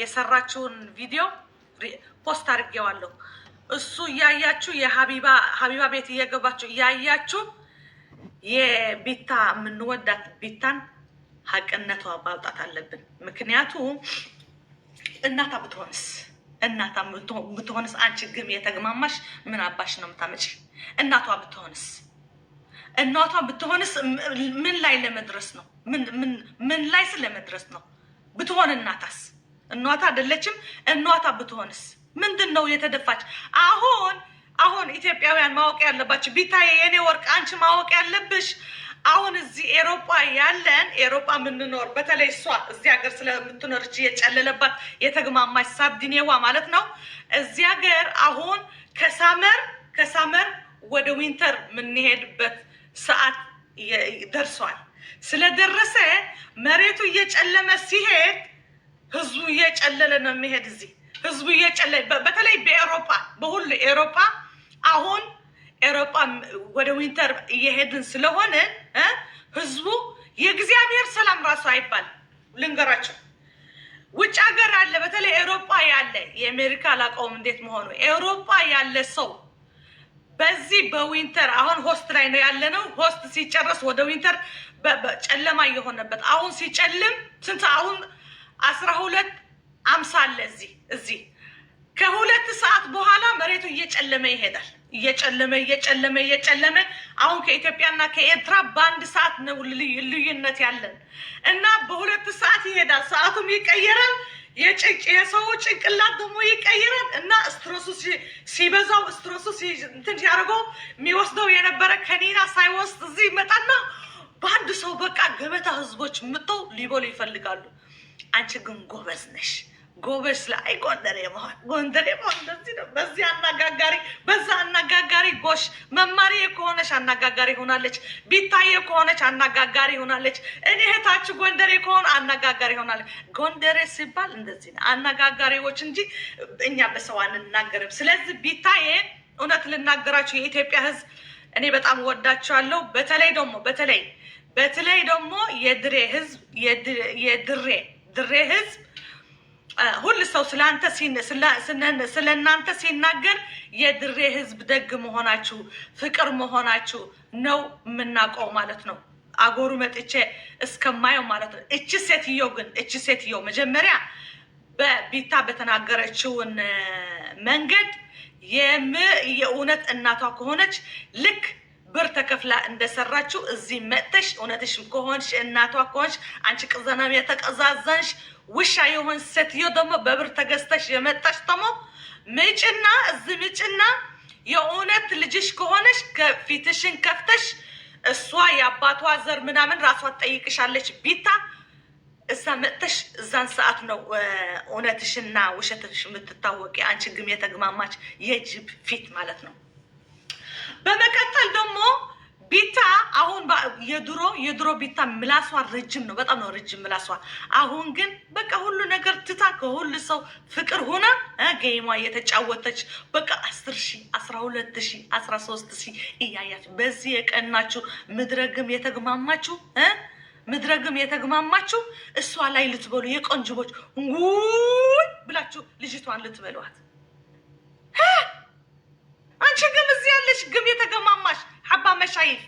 የሰራችውን ቪዲዮ ፖስት አድርጌዋለሁ። እሱ እያያችሁ የሀቢባ ሀቢባ ቤት እየገባችሁ እያያችሁ የቢታ የምንወዳት ቢታን ሀቅነቷ ማውጣት አለብን። ምክንያቱም እናታ ብትሆንስ እናታ ብትሆንስ አንቺ ግም የተግማማሽ ምን አባሽ ነው የምታመጪ? እናቷ ብትሆንስ እናቷ ብትሆንስ ምን ላይ ለመድረስ ነው? ምን ላይ ስለመድረስ ነው? ብትሆን እናታስ እናቷ አይደለችም። እናቷ ብትሆንስ ምንድን ነው የተደፋች? አሁን አሁን ኢትዮጵያውያን ማወቅ ያለባቸው ቢታዬ፣ የኔ ወርቅ፣ አንቺ ማወቅ ያለብሽ አሁን እዚህ ኤሮፓ ያለን ኤሮፓ የምንኖር በተለይ እሷ እዚህ ሀገር ስለምትኖርች የጨለለባት የተግማማች ሳርዲኔዋ ማለት ነው። እዚህ ሀገር አሁን ከሳመር ከሳመር ወደ ዊንተር የምንሄድበት ሰዓት ደርሷል። ስለደረሰ መሬቱ እየጨለመ ሲሄድ ህዝቡ እየጨለለ ነው የሚሄድ። እዚህ ህዝቡ እየጨለለ በተለይ በኤሮፓ በሁሉ ኤሮፓ አሁን ኤሮፓ ወደ ዊንተር እየሄድን ስለሆነ ህዝቡ የእግዚአብሔር ሰላም ራሱ አይባል ልንገራቸው። ውጭ ሀገር አለ፣ በተለይ ኤሮፓ ያለ የአሜሪካ አላውቀውም እንዴት መሆኑ ኤሮፓ ያለ ሰው በዚህ በዊንተር አሁን ሆስት ላይ ነው ያለ ሆስት ሲጨረስ ወደ ዊንተር ጨለማ እየሆነበት አሁን ሲጨልም ስንት አሁን አስራ ሁለት አምሳ አለ እዚህ እዚህ ከሁለት ሰዓት በኋላ መሬቱ እየጨለመ ይሄዳል። እየጨለመ እየጨለመ እየጨለመ አሁን ከኢትዮጵያና ከኤርትራ በአንድ ሰዓት ነው ልዩነት ያለን እና በሁለት ሰዓት ይሄዳል። ሰዓቱም ይቀየራል። የሰው ጭንቅላት ደግሞ ይቀይራል እና ስትሮሱ ሲበዛው ስትሮሱ እንትን ሲያደርገው የሚወስደው የነበረ ከኒና ሳይወስድ እዚህ ይመጣና በአንድ ሰው በቃ ገበታ ህዝቦች ምተው ሊበሉ ይፈልጋሉ። አንቺ ግን ጎበዝ ነሽ። ጎበዝ ላይ ጎንደሬ መሆን ጎንደሬ መሆን እንደዚህ ነው። በዚህ አነጋጋሪ በዛ አነጋጋሪ ጎሽ መማሪ ከሆነች አነጋጋሪ ሆናለች። ቢታየ ከሆነች አነጋጋሪ ሆናለች። እኔ እህታችሁ ጎንደሬ ከሆነ አነጋጋሪ ሆናለች። ጎንደሬ ሲባል እንደዚህ ነው፣ አነጋጋሪዎች እንጂ እኛ በሰው አንናገርም። ስለዚህ ቢታየ እውነት ልናገራችሁ የኢትዮጵያ ህዝብ እኔ በጣም ወዳችኋለሁ። በተለይ ደግሞ በተለይ በተለይ ደግሞ የድሬ ህዝብ የድሬ ድሬ ህዝብ ሁሉ ሰው ስለአንተ ስለ እናንተ ሲናገር የድሬ ህዝብ ደግ መሆናችሁ ፍቅር መሆናችሁ ነው የምናውቀው ማለት ነው። አጎሩ መጥቼ እስከማየው ማለት ነው። እች ሴትዮ ግን እቺ ሴትዮ መጀመሪያ በቢታ በተናገረችውን መንገድ የእውነት እናቷ ከሆነች ልክ ብር ተከፍላ እንደሰራችው እዚህ መጥተሽ እውነትሽ ከሆንሽ እናቷ ከሆንሽ አንቺ ቅዘናም የተቀዛዘንሽ ውሻ የሆን ሴትዮ ደግሞ በብር ተገዝተሽ የመጣሽ ደግሞ ምጭና እዚህ ምጭና የእውነት ልጅሽ ከሆነሽ ከፊትሽን ከፍተሽ እሷ የአባቷ ዘር ምናምን ራሷ ትጠይቅሻለች። ቢታ እዛ መጥተሽ እዛን ሰዓት ነው እውነትሽና ውሸትሽ የምትታወቂ። አንቺ ግም የተግማማች የጅብ ፊት ማለት ነው። በመቀጠል ደግሞ ቢታ አሁን የድሮ የድሮ ቢታ ምላሷ ረጅም ነው፣ በጣም ነው ረጅም ምላሷ። አሁን ግን በቃ ሁሉ ነገር ትታ ከሁሉ ሰው ፍቅር ሆና ጌማ እየተጫወተች በቃ አስር ሺ አስራ ሁለት ሺ አስራ ሶስት ሺ እያያችሁ በዚህ የቀናችሁ ምድረግም የተግማማችሁ ምድረግም የተግማማችሁ እሷ ላይ ልትበሉ የቆንጅቦች ውይ ብላችሁ ልጅቷን ልትበሏት አንቺ ግን እዚህ ያለሽ ግብ የተገማማሽ ሀባ መሻይፍ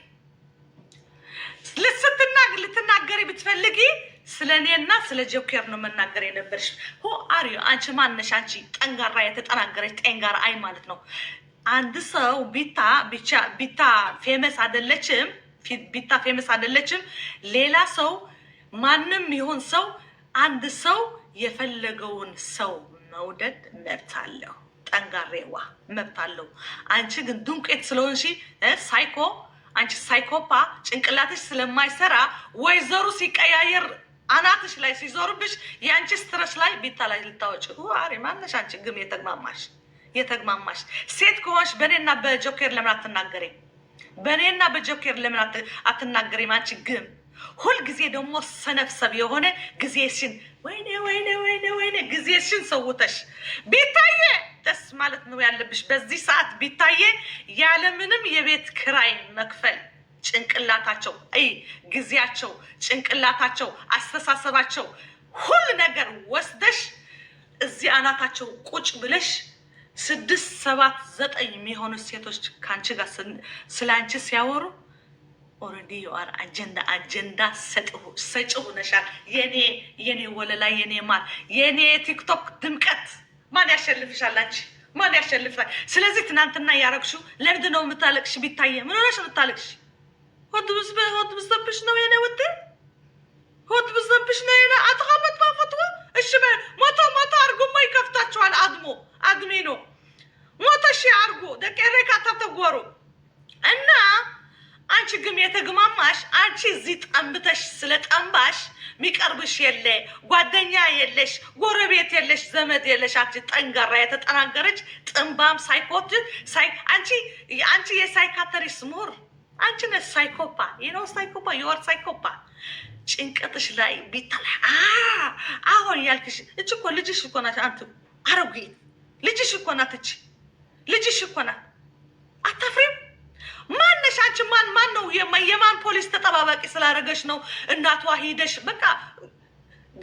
ልስትና ልትናገሪ ብትፈልጊ ስለ እኔና ስለ ጆኬር ነው መናገር የነበርሽ። ሆ አሪዮ አንቺ ማነሽ? አንቺ ጠንጋራ የተጠናገረች ጠንጋራ አይ ማለት ነው። አንድ ሰው ቢታ ብቻ ቢታ ፌመስ አይደለችም፣ ቢታ ፌመስ አይደለችም። ሌላ ሰው ማንም ይሁን ሰው አንድ ሰው የፈለገውን ሰው መውደድ መብት አለው። ጠንጋሬዋ መብት አለው። አንቺ ግን ዱንቄት ስለሆንሽ ሳይኮ አንቺ ሳይኮፓ ጭንቅላትሽ ስለማይሰራ ወይዘሩ ሲቀያየር አናትሽ ላይ ሲዞርብሽ የአንቺ ስትረስ ላይ ቢታ ላይ ልታወጪ አሪ ማነሽ አንቺ ግም የተግማማሽ የተግማማሽ ሴት ከሆንሽ በእኔና በጆኬር ለምን አትናገሬ? በእኔና በጆኬር ለምን አትናገሪም? አንቺ ግም ሁልጊዜ ደግሞ ሰነፍሰብ የሆነ ጊዜሽን ወይኔ ወይኔ ወይኔ ወይኔ ጊዜሽን ሰውተሽ ቢታየ ደስ ማለት ነው ያለብሽ። በዚህ ሰዓት ቢታየ ያለምንም የቤት ክራይ መክፈል ጭንቅላታቸው አይ ጊዜያቸው፣ ጭንቅላታቸው፣ አስተሳሰባቸው ሁሉ ነገር ወስደሽ እዚህ አናታቸው ቁጭ ብለሽ ስድስት ሰባት ዘጠኝ የሚሆኑ ሴቶች ከአንቺ ጋር ስለ አንቺ ሲያወሩ ኦልሬዲ የዋር አጀንዳ አጀንዳ ሰጭ ሆነሻል። የኔ የኔ ወለላ የኔ ማር የኔ ቲክቶክ ድምቀት ማን ያሸንፍሻል? አንቺ ማን ያሸንፋል? ስለዚህ ትናንትና ያረግሹ ለምንድን ነው የምታለቅሽ? ቢታየ ምን ሆነሽ የምታለቅሽ? ሆድ ብዘብሽ ነው የኔ ውጤ፣ ሆድ ብዘብሽ ነው የኔ አትኸመት ባፈትወ እሺ ሞቶ ሞተ አርጎማ ይከፍታችኋል። አድሞ አድሜ ነው ሞተ ሺ አርጎ ደቀሬ ካታ እና አንቺ ግም የተግማማሽ አንቺ እዚህ ጠንብተሽ ስለጠንባሽ ሚቀርብሽ የለ፣ ጓደኛ የለሽ፣ ጎረቤት የለሽ፣ ዘመድ የለሽ። አንቺ ጠንጋራ የተጠናገረች ጥንባም ሳይኮት አንቺ አንቺ የሳይካተሪስ ምሁር አንቺ ነ ሳይኮፓ የነው ሳይኮፓ የወር ሳይኮፓ ጭንቀትሽ ላይ ቢታላ አሁን ያልክሽ እች እኮ ልጅሽ እኮ ናት። አንተ አረጉ ልጅሽ እኮ ናት። እች ልጅሽ እኮ ናት። አታፍሪም ማነሻችን ማን ማን ነው የማን ፖሊስ ተጠባባቂ ስላደረገሽ ነው እናቷ ሂደሽ በቃ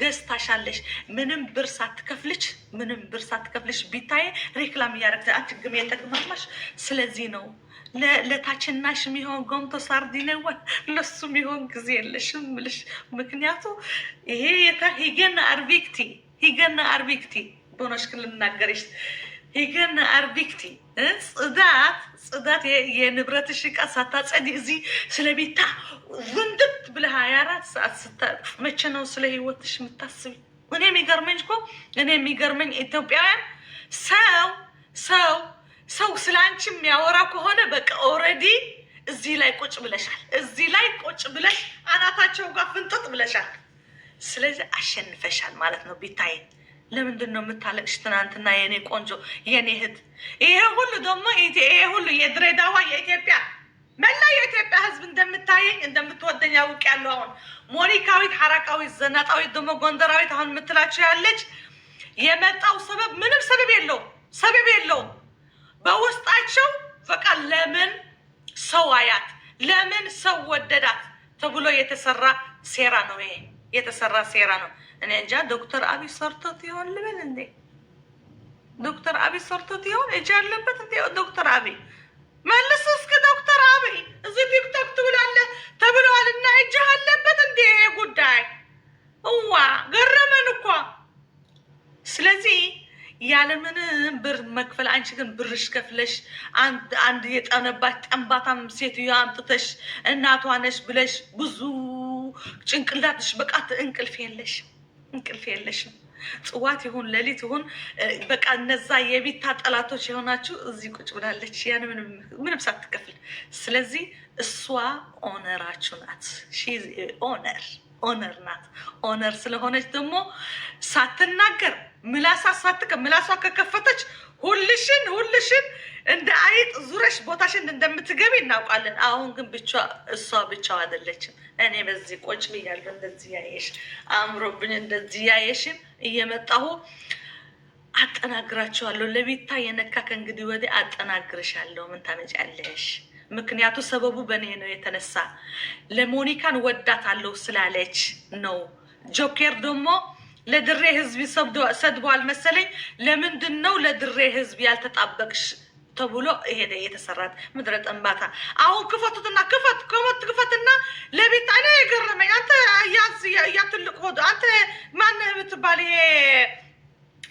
ገዝታሻለሽ። ምንም ብር ሳትከፍልሽ ምንም ብር ሳትከፍልሽ ቢታይ ሬክላም እያደረግሽ አንቺ ግም የተግማማሽ። ስለዚህ ነው ለታችናሽ የሚሆን ጎምቶ ሳርዲን ለሱ የሚሆን ጊዜ የለሽም ምልሽ ምክንያቱ ይሄ የታ ሂገና አርቢክቲ ሂገና አርቢክቲ በሆነሽ ክልል ይገን አርቢክቲ ጽዳት ጽዳት የንብረትሽ ዕቃ ሳታጸድ እዚ ስለ ቤታ ውንድት ብለህ ሀያ አራት ሰዓት ስታልፍ መቼ ነው ስለ ህይወትሽ የምታስቢ? እኔ የሚገርመኝ እኮ እኔ የሚገርመኝ ኢትዮጵያውያን ሰው ሰው ሰው ስለ አንቺ የሚያወራ ከሆነ በቃ ኦልሬዲ እዚህ ላይ ቁጭ ብለሻል። እዚህ ላይ ቁጭ ብለሽ አናታቸው ጋር ፍንጥጥ ብለሻል። ስለዚህ አሸንፈሻል ማለት ነው ቤታዬ። ለምንድን ነው የምታለቅሽ? ትናንትና የኔ ቆንጆ የኔ እህት፣ ይሄ ሁሉ ደግሞ ይሄ ሁሉ የድሬዳዋ የኢትዮጵያ መላ የኢትዮጵያ ሕዝብ እንደምታየኝ እንደምትወደኝ አውቅ ያለው አሁን ሞኒካዊት፣ ሐራቃዊት፣ ዘናጣዊት ደግሞ ጎንደራዊት አሁን የምትላቸው ያለች የመጣው ሰበብ ምንም ሰበብ የለው ሰበብ የለው። በውስጣቸው በቃ ለምን ሰው አያት ለምን ሰው ወደዳት ተብሎ የተሰራ ሴራ ነው። ይሄ የተሰራ ሴራ ነው። እኔ እንጃ ዶክተር አብይ ሰርቶት ይሆን ልበል እንዴ? ዶክተር አብይ ሰርቶት ይሆን እጅ ያለበት እንዴ? ዶክተር አብይ መልስ እስኪ። ዶክተር አብይ እዚህ ቲክቶክ ትብላለህ ተብለዋልና እጅ አለበት እንዴ? ጉዳይ እዋ ገረመን እኮ። ስለዚህ ያለምንም ብር መክፈል አንቺ ግን ብርሽ ከፍለሽ አንድ የጠነባች ጠንባታም ሴትዮ አምጥተሽ እናቷ ነሽ ብለሽ ብዙ ጭንቅላትሽ በቃ እንቅልፍ የለሽ። እንቅልፍ የለሽም። ጽዋት ይሁን ሌሊት ይሁን በቃ እነዛ የቤታ ጠላቶች የሆናችሁ እዚህ ቁጭ ብላለች፣ ያን ምንም ሳትከፍል። ስለዚህ እሷ ኦነራችሁ ናት። ኦነር ኦነር ናት። ኦነር ስለሆነች ደግሞ ሳትናገር ምላሳ ሳትቀ ምላሷ ከከፈተች ሁልሽን ሁልሽን እንደ አይጥ ዙረሽ ቦታሽን እንደምትገቢ እናውቃለን። አሁን ግን ብቻ እሷ ብቻው አይደለችም። እኔ በዚህ ቆጭ ብያለሁ። እንደዚህ ያየሽ አእምሮብኝ፣ እንደዚህ ያየሽን እየመጣሁ አጠናግራችኋለሁ። ለቤታ የነካ ከእንግዲህ ወዲህ አጠናግርሻለሁ። ምን ታመጫለሽ? ምክንያቱ ሰበቡ በእኔ ነው የተነሳ ለሞኒካን ወዳታለሁ ስላለች ነው። ጆኬር ደግሞ ለድሬ ህዝብ ሰድቧል መሰለኝ። ለምንድን ነው ለድሬ ህዝብ ያልተጣበቅሽ ተብሎ ይሄ የተሰራት ምድረ ጥንባታ። አሁን ክፈቱትና ክፈት ከመት ክፈትና ለቤት እኔ የገረመኝ አንተ ያ ትልቅ ሆ አንተ ማነህ የምትባል ይሄ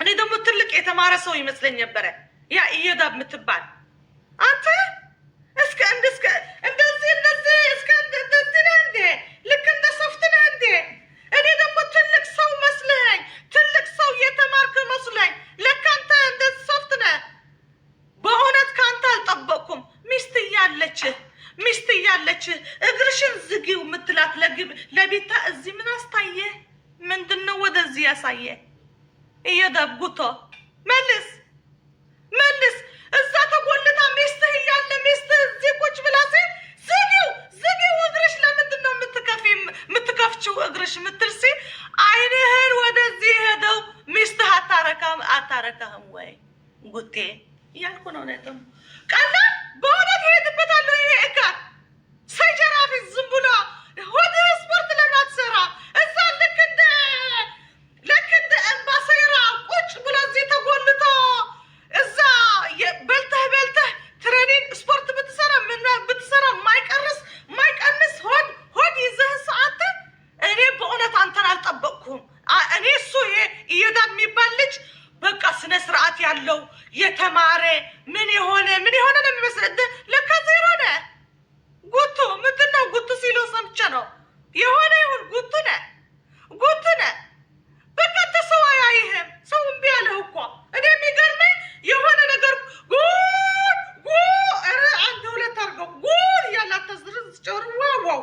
እኔ ደግሞ ትልቅ የተማረ ሰው ይመስለኝ ነበረ ያ እየዳብ የምትባል አንተ እስከ እንደስከ እንደዚህ እንደዚህ እስከ እንደዚህ ነህ እንዴ? ልክ እንደ ሶፍት ነህ እንዴ? እኔ ደግሞ ትልቅ ሰው መስለኝ፣ ትልቅ ሰው የተማርክ መስለኝ። ልክ አንተ እንደዚህ ሶፍት ነህ። በእውነት ከአንተ አልጠበቅኩም። ሚስት እያለች ሚስት እያለች እግርሽን ዝጊው የምትላት ለግብ ለቤታ እዚህ ምን አስታየ? ምንድን ነው ወደዚህ ያሳየ? መልስ መልስ እዛ ተጎል ሚስትህ እያለ ሚስትህ እዚህ ቁጭ ብላ ሴት ዝጊው ዝጊው እግርሽ ለምንድን ነው የምትከፍችው እግርሽ የምትል ሲ አይንህን ወደዚህ ሄደው ሚስትህ አታረካም አታረካህም ወይ ጉጤ እያልኩ ነው። ነጥም ቀላ በእውነት ይሄድበታለሁ። ይሄ እካት ሰጀራፊ ዝም ብሎ ወደ ስፖርት ለማትሰራ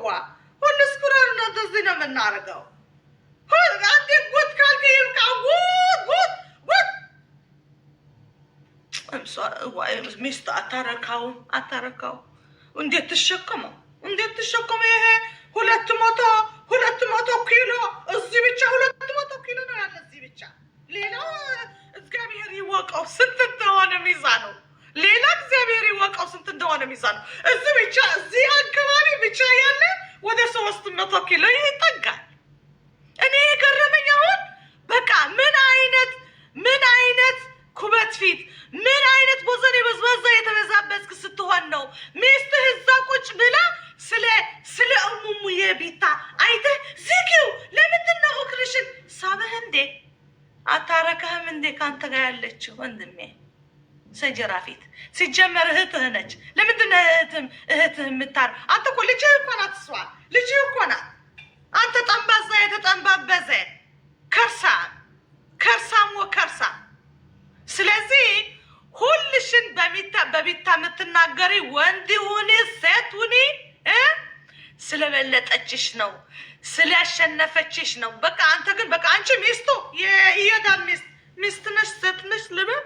ዋ ሁሉ ስኩረር እንደዚህ ነው የምናደርገው። አንዴ ጉት ካልክ ይብቃ። ጉት ጉት ጉት ሚስት አታረካውም፣ አታረካው። እንዴት ትሸከመው? እንዴት ትሸከመው? ይሄ ሁለት መቶ ሁለት መቶ ኪሎ እዚህ ብቻ ሁለት መቶ ኪሎ ነው ያለ እዚህ ብቻ። ሌላው እግዚአብሔር ይወቀው ስንት እንደሆነ ሚዛኑ ሌላ እግዚአብሔር ይወቀው ስንት እንደሆነ ሚዛን ነው። እዚህ ብቻ እዚህ አካባቢ ብቻ ያለ ወደ ሶስት መቶ ኪሎ ይጠጋል። እኔ የገረመኝ አሁን በቃ ምን አይነት ምን አይነት ኩበት ፊት ምን አይነት ቦዘን የበዝበዛ የተበዛበዝክ ስትሆን ነው ሚስት እዛ ቁጭ ብላ ስለ ስለ እሙሙ የቢታ አይተህ ዝጊው ለምንድን ነው እክርሽን ሳበህ እንዴ? አታረካህም እንዴ? ከአንተ ጋር ያለችው ወንድሜ ሰጀራ ፊት ሲጀመር እህትህ ነች። ለምንድን ነው እህትህ የምታር? አንተ እኮ ልጅህ እኮ ናት፣ እሷ ልጅህ እኮ ናት። አንተ ጠንባዛ የተጠንባበዘ ከርሳ ከርሳም ወከርሳ። ስለዚህ ሁልሽን በቢታ የምትናገሪ ወንድ ሁኒ ሴት ሁኒ ስለበለጠችሽ ነው፣ ስለያሸነፈችሽ ነው። በቃ አንተ ግን በቃ አንቺ ሚስቱ የኢየዳ ሚስት ሚስትነሽ ሴትነሽ ልበል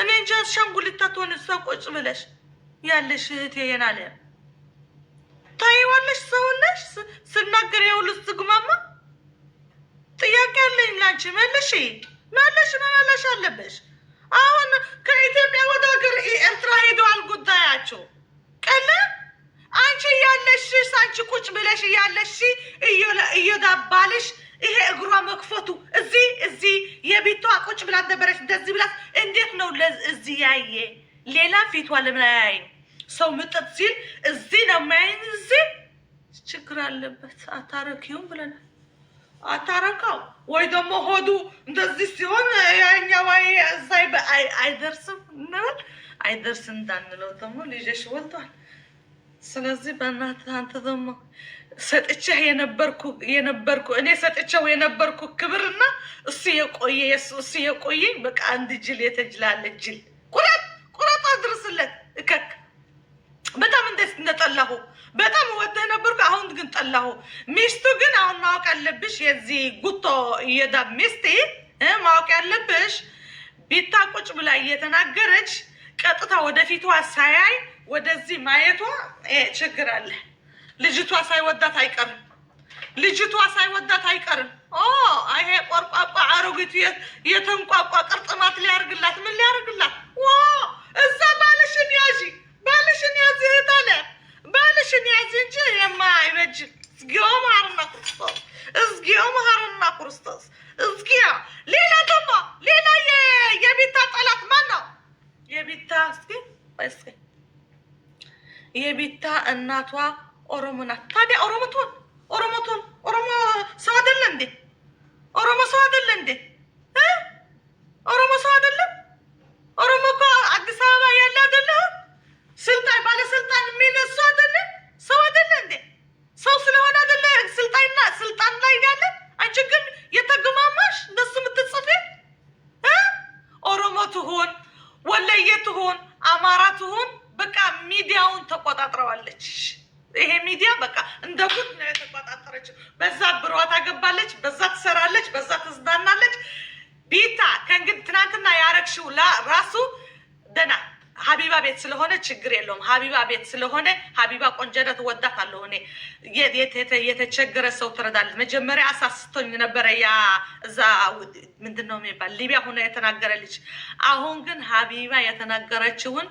እኔ እንጂ አሻንጉሊት አትሆን እሷ ቁጭ ብለሽ ያለሽ እህቴ የናለ ታይዋለሽ ሰውነሽ ስናገር የውል ዝጉማማ ጥያቄ አለኝ ላንቺ መለሽ መለሽ መመለሽ አለበሽ። አሁን ከኢትዮጵያ ወደ ሀገር ኤርትራ ሄደዋል ጉዳያቸው ቀለ አንቺ እያለሽ አንቺ ቁጭ ብለሽ እያለሽ እየዳባልሽ ይሄ እግሯ መክፈቱ እዚህ እዚህ የቤቷ ቁጭ ብላት ነበረች። እንደዚህ ብላት እንዴት ነው እዚህ ያየ ሌላ ፊቷ ለምን አያይም? ሰው ምጥጥ ሲል እዚህ ነው የሚያይን። እዚህ ችግር አለበት። አታረኪውም ብለናል። አታረካው ወይ ደግሞ ሆዱ እንደዚህ ሲሆን ያኛ እዛይ አይደርስም እንበል አይደርስም እንዳንለው ደግሞ ልጅሽ ወልቷል። ስለዚህ በእናትህ አንተ ደግሞ ሰጥቼህ የነበርኩ የነበርኩ እኔ ሰጥቼው የነበርኩ ክብርና እሱ የቆየ የሱ እሱ የቆየኝ በቃ አንድ ጅል የተጅላለ ጅል ቁረጥ ቁረጥ አድርስለት እከክ በጣም እንደት እንደጠላሁ በጣም ወደ ነበርኩ። አሁን ግን ጠላሁ። ሚስቱ ግን አሁን ማወቅ ያለብሽ የዚህ ጉቶ እየዳ ሚስት ማወቅ ያለብሽ ቢታ ቁጭ ብላ እየተናገረች ቀጥታ ወደፊቷ ሳያይ ወደዚህ ማየቷ ችግር አለ። ልጅቷ ሳይወዳት አይቀርም። ልጅቷ ሳይወዳት አይቀርም። ኦ ይሄ ቆርቋቋ አሮጊቱ የተንቋቋ ቅርጥማት ሊያርግላት ምን ሊያርግላት? ዋ እዛ ባልሽን ያዥ፣ ባልሽን ያዝ፣ ይታለ ባልሽን ያዝ እንጂ የማይበጅ አይበጅ። እዝጊዮ መሐረና ክርስቶስ፣ እዝጊዮ ማርና ክርስቶስ፣ እዝጊያ። ሌላ ደግሞ ሌላ የቤታ ጠላት ማን ነው? የቤታ እስኪ እስኪ የቤታ እናቷ ኦሮሞ ናት። ታዲያ ኦሮሞ ትሆን ችግር የለውም። ሀቢባ ቤት ስለሆነ ሀቢባ ቆንጀለት ወዳት አለሁ እኔ የተቸገረ ሰው ትረዳለች። መጀመሪያ አሳስቶኝ ነበረ ያ እዛ ምንድን ነው የሚባል ሊቢያ ሆነ የተናገረ ልጅ። አሁን ግን ሀቢባ የተናገረችውን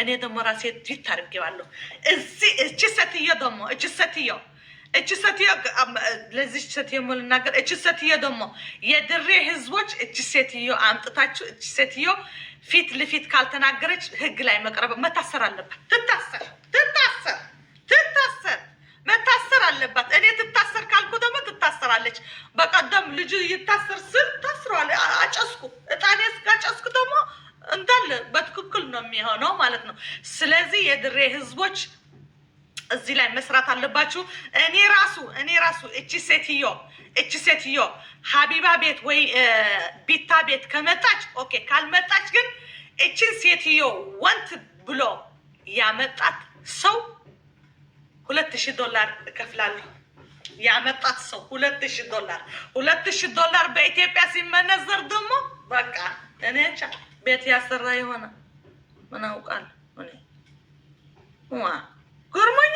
እኔ ደግሞ ራሴ ትዊት አድርጌዋለሁ። እቺ ሴትዮ ደግሞ እቺ ሴትዮ እች ሴትዮ ለዚች ሴትዮ የምልናገር እች ሴትዮ ደግሞ የድሬ ህዝቦች እች ሴትዮ አምጥታችሁ እች ሴትዮ ፊት ለፊት ካልተናገረች ህግ ላይ መቅረብ መታሰር አለባት። ትታሰር ትታሰር ትታሰር መታሰር አለባት። እኔ ትታሰር ካልኩ ደግሞ ትታሰራለች። በቀደም ልጁ ይታሰር ስል ታስረዋል። አጨስኩ እጣኔ ስጋጨስኩ ደግሞ እንዳለ በትክክል ነው የሚሆነው ማለት ነው። ስለዚህ የድሬ ህዝቦች እዚህ ላይ መስራት አለባችሁ። እኔ ራሱ እኔ ራሱ እቺ ሴትዮ እቺ ሴትዮ ሀቢባ ቤት ወይ ቢታ ቤት ከመጣች ኦኬ፣ ካልመጣች ግን እቺን ሴትዮ ወንት ብሎ ያመጣት ሰው ሁለት ሺህ ዶላር እከፍላለሁ። ያመጣት ሰው ሁለት ሺህ ዶላር ሁለት ሺህ ዶላር በኢትዮጵያ ሲመነዘር ደግሞ በቃ እኔ እንጃ ቤት ያሰራ የሆነ ምን አውቃለሁ እኔ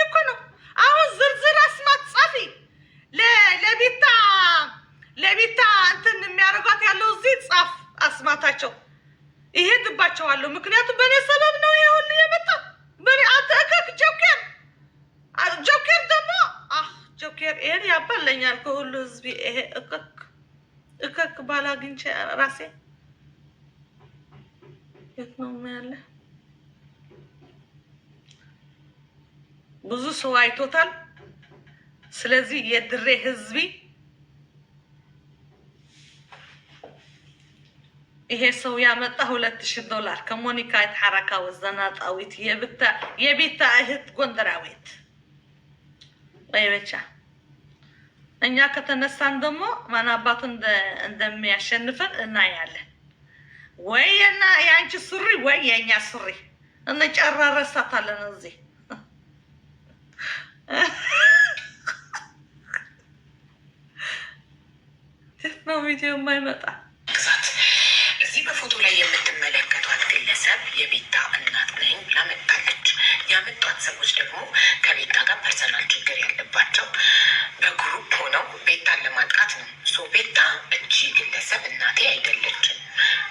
እልባቸዋለሁ። ምክንያቱም በእኔ ሰበብ ነው ይሄ ሁሉ የመጣው። በእኔ አንተ እከክ ጆኬር፣ ጆኬር ደግሞ ጆኬር ይሄን ያባለኛል ከሁሉ ህዝቢ ይሄ እከክ እከክ ባላ አግኝቼ ራሴ የት ነው ያለ? ብዙ ሰው አይቶታል። ስለዚህ የድሬ ህዝቢ ይሄ ሰው ያመጣ ሁለት ሺህ ዶላር ከሞኒካ የተሐረካ ወዘናጣዊት የቤታ እህት ጎንደራዊት ወይ ብቻ እኛ ከተነሳን ደግሞ ማን አባቱ እንደሚያሸንፈን እናያለን። ወይ የአንቺ ሱሪ ወይ የእኛ ሱሪ እንጨራረሳታለን እዚህ ነው ቪዲዮ የማይመጣ በፎቶ ላይ የምትመለከቷት ግለሰብ የቤታ እናት ነኝ ብላ መጣለች። ያመጧት ሰዎች ደግሞ ከቤታ ጋር ፐርሰናል ችግር ያለባቸው በግሩፕ ሆነው ቤታን ለማጥቃት ነው። ሶ ቤታ እቺ ግለሰብ እናቴ አይደለችም።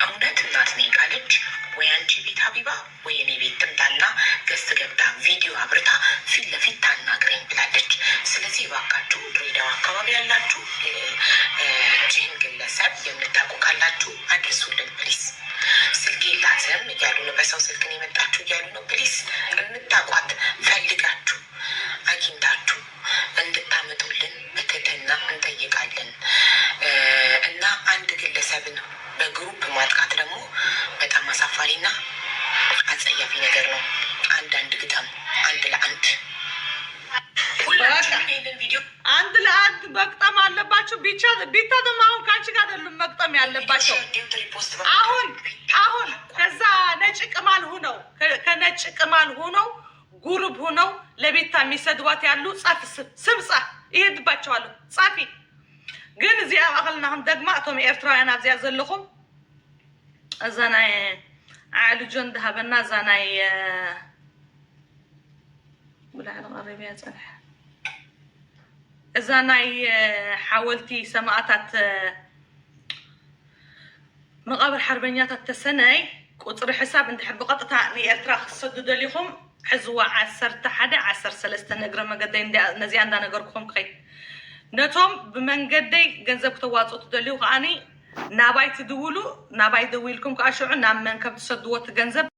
እውነት እናት ነኝ ካለች ወይ አንቺ ቤት ሀቢባ ወይ እኔ ቤት ጥምታና ገዝት ገብታ ቪዲዮ አብርታ ፊት ለፊት ታናግረኝ ብላለች። ስለዚህ እባካችሁ ድሬዳዋ አካባቢ ያላችሁ ይህን ግለሰብ የምታውቁ ካላችሁ አድርሱልን ፕሊስ። ስልክ የላትም እያሉ ነው፣ በሰው ስልክን የመጣችሁ እያሉ ነው። ፕሊስ የምታውቋት ፈልጋችሁ አግኝ ያለባቸው። አሁን አሁን ከዛ ነጭ ቅማል ሁነው ከነጭ ቅማል ሁነው ጉርብ ሁነው ለቤታ የሚሰድቧት ያሉ ጻፍ ስም ጻፍ ይሄድባቸዋለሁ ጻፊ ግን እዚ ማእኸልናኹም ደግማ እቶም ኤርትራውያን ኣብዚያ ዘለኹም እዛ ናይ ዓልጆ እንዳሃበና እዛ ናይ ብላዕሊ ቀረብያ ፀንሐ እዛ ናይ ሓወልቲ ሰማእታት مقابر حربنيات التسني قطر حساب انت حرب قطعة نيرترا خصدو دليهم حزوا عسر تحدى عسر سلست نجر ما قد ين نزي عند نجركم كي نتوم بمن قد ي جنزب تواتو تدليه غاني نابايت دولو نابايت دويلكم كأشعر نام من كم تصدوت جنزب